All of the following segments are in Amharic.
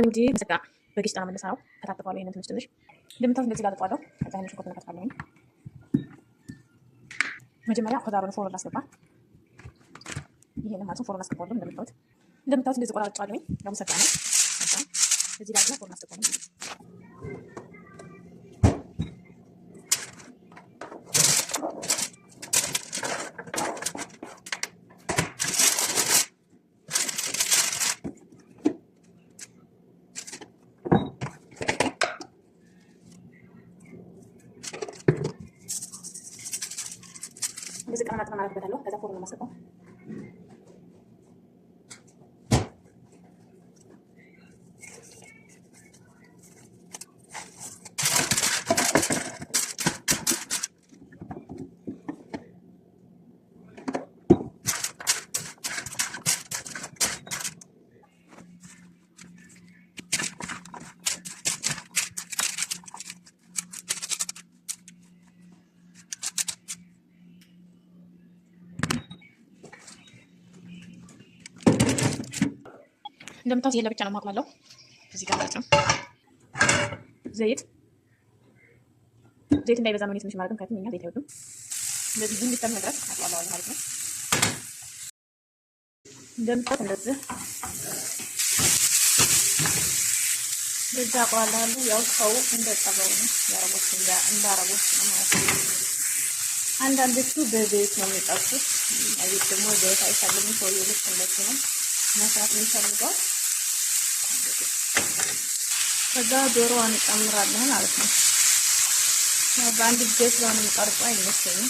አንድ መሰቃ በግጭ ጠና መለሳው ከታተፋለሁ። ይህንን ትንሽ ትንሽ እንደምታዩት እንደዚህ ጋር አጥፋለሁ። ከዛ ትንሽ ኮት ነካታለሁ። መጀመሪያ ኮዛሮን ፎሮን ላስገባ። ይሄን ማለት ፎሮን አስገባለሁ። እንደምታዩት እንደምታዩት እንደዚህ ቆራርጫለሁ። ያው መሰቃ ነው። እዚህ ጋር ፎሮን አስገባለሁ። ቀመማቅመም አደርግበታለሁ። ከዛ ፎርም ነው እንደምታውስ ይሄ ለብቻ ነው የማቁላለው። እዚህ ጋር ጭም ዘይት ዘይት እንዳይበዛ ነው ትንሽ ማለትም ከትኛ ዘይት አይወድም። እንደዚህ ግን ሊተም ድረስ አቁላለዋለሁ ማለት ነው። እንደምታውስ እንደዚህ በዛ አቁላለዋለሁ። ያው ሰው እንደጸባው ነው ያረቦች እንዳረቦች ነው ማለት ነው። አንዳንዶቹ በዘይት ነው የሚጠብሱት። ቤት ደግሞ ዘይት አይፈልግም ሰውዬ ልክ እንደዚህ ነው መስራት የሚፈልገው ከዛ ዶሮዋን እጨምራለሁ ማለት ነው። ያው በአንድ ጊዜ ስለሆነ የምቀርጾ አይመስለኝም።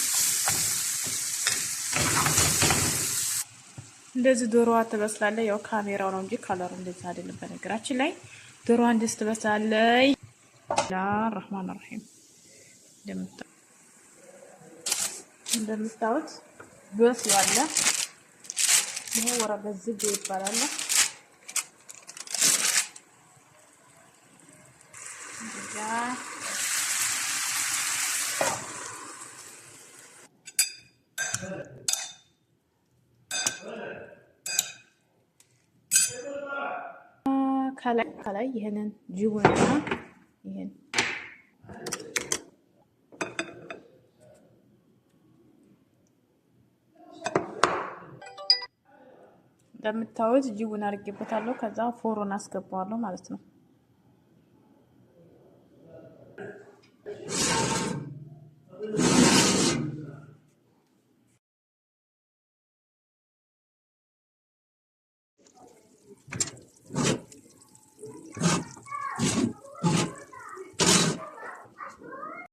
እንደዚህ ዶሮዋ ትበስላለች። ያው ካሜራው ነው እንጂ ካለሩ እንደዚህ አይደለም። በነገራችን ላይ ዶሮዋ እንደዚህ ትበስላለች። ረህማን ረሂም እንደምታዩት በስሏል። ይሄ ወረበዝግ ይባላል። እንደዛ ከላይ ከላይ ይህንን ጅቡና ይህን እንደምታዩት ጅቡን አድርጌበታለሁ። ከዛ ፎሮን አስገባዋለሁ ማለት ነው። Thank you.